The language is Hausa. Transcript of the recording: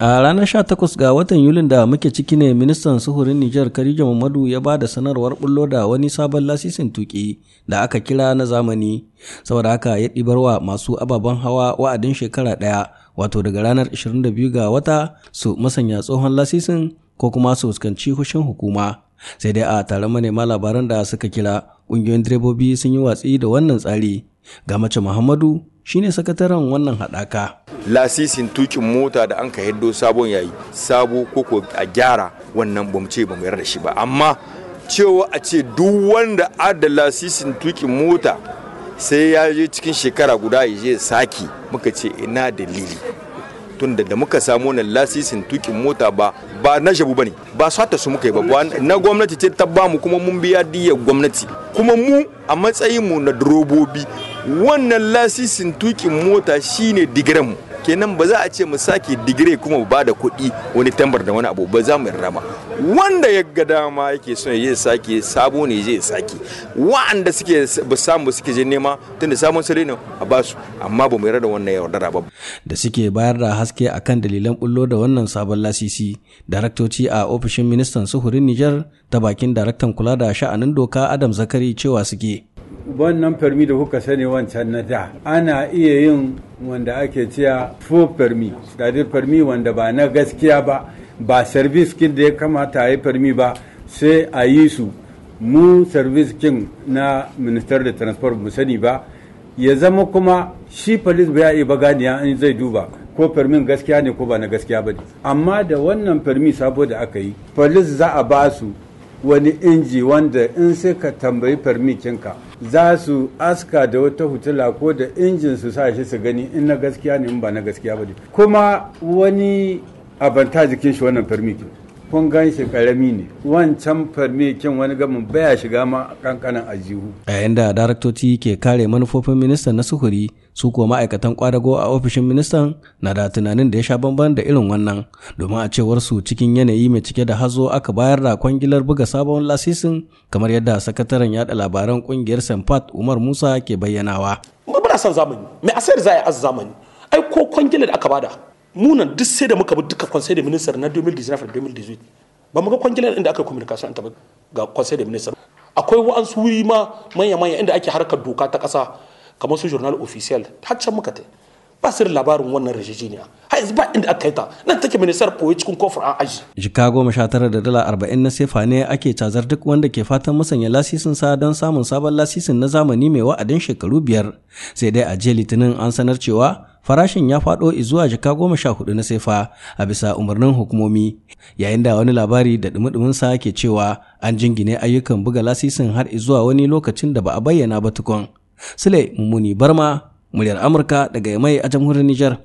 a ranar sha 18 ga watan yulin da muke ciki ne ministan suhurin nijar karija mamadu ya ba da sanarwar bullo da wani sabon lasisin tuki da aka kira na zamani saboda haka ya ɗibarwa masu ababen hawa wa'adin shekara ɗaya wato daga ranar 22 ga wata su masanya tsohon lasisin ko kuma su fuskanci hushin hukuma sai dai a taron manema labaran da suka kira ƙungiyoyin direbobi sun yi watsi da wannan tsari ga mace muhammadu shine sakataren wannan haɗaka lasisin tukin mota da an ka hiddo sabon yayi sabo koko a gyara wannan bamce ce ba yarda shi ba amma cewa a ce duk wanda adda lasisin tukin mota sai ya je cikin shekara guda ya je saki muka ce ina dalili tunda da muka samu wannan lasisin tukin mota ba ba na shabu bane ba sata su muka yi ba na gwamnati ce ta bamu kuma mun biya diyya gwamnati kuma mu a matsayin mu na drobobi wannan lasisin tukin mota shine digiranmu kenan ba za a ce mu sake digire kuma ba da kuɗi wani tambar da wani abu ba za mu rama wanda ya ga dama yake son ya sake sabo ne zai sake wa'anda suke ba samu suke je nema tunda sabon sare ne a basu amma ba mu yarda da wannan yaudara ba da suke bayar da haske akan dalilan bullo da wannan sabon lasisi daraktoci a ofishin ministan suhurin Nijar ta bakin daraktan kula da sha'anin doka Adam Zakari cewa suke wannan permi da kuka sani wancan na da ana iya yin wanda ake cewa fo permi dadir permi wanda ba na gaskiya ba ba service da ya kamata a yi permi ba sai a yi su mu service kin na minister da transport mu sani ba ya zama kuma shi police ba ya iya baganiya in zai duba ko permin gaskiya ne ko ba na gaskiya ba ne amma da wannan permi sabo da aka yi police za a ba su wani inji wanda in sai ka tambayi farmikinka za su aska da wata hutula ko da injin su sa shi su gani in na gaskiya ne in ba na gaskiya ba kuma wani abanta jikin shi wannan farmikin kun gan shi karami ne wancan farmikin wani gamin baya shiga ma kankanan ajihu yayin da daraktoci ke kare manufofin ministan na suhuri su kuwa ma'aikatan kwadago a ofishin ministan na da tunanin da ya sha bamban da irin wannan domin a cewar su cikin yanayi mai cike da hazo aka bayar da kwangilar buga sabon lasisin kamar yadda sakataren yada labaran kungiyar pat umar musa ke bayyanawa muna son zamani mai asayar zai az zamani ai ko kwangilar aka bada munan duk sai da muka bi duka kwansai da ministar na 2019 2018 ba mu ga kwangilar inda aka yi communication ta ga kwansai da ministar akwai wa'ansu wuri ma manya-manya inda ake harkar doka ta ƙasa kamar su journal official har can muka ta ba labarin wannan rajijiniya har yanzu ba inda aka yi ta nan take ministar koyi cikin kofar an aji. chicago ma shatar da dala arba'in na sefa ne ake cazar duk wanda ke fatan musanya lasisin sa don samun sabon lasisin na zamani mai wa'adin shekaru biyar sai dai a jiya litinin an sanar cewa farashin ya faɗo zuwa jika goma sha hudu na sefa a bisa umarnin hukumomi yayin da wani labari da dumi sa ke cewa an jingine ayyukan buga lasisin har zuwa wani lokacin da ba a bayyana ba tukun Sule Mummuni Barma, muryar Amurka daga Yamai a jamhuriyar Nijar.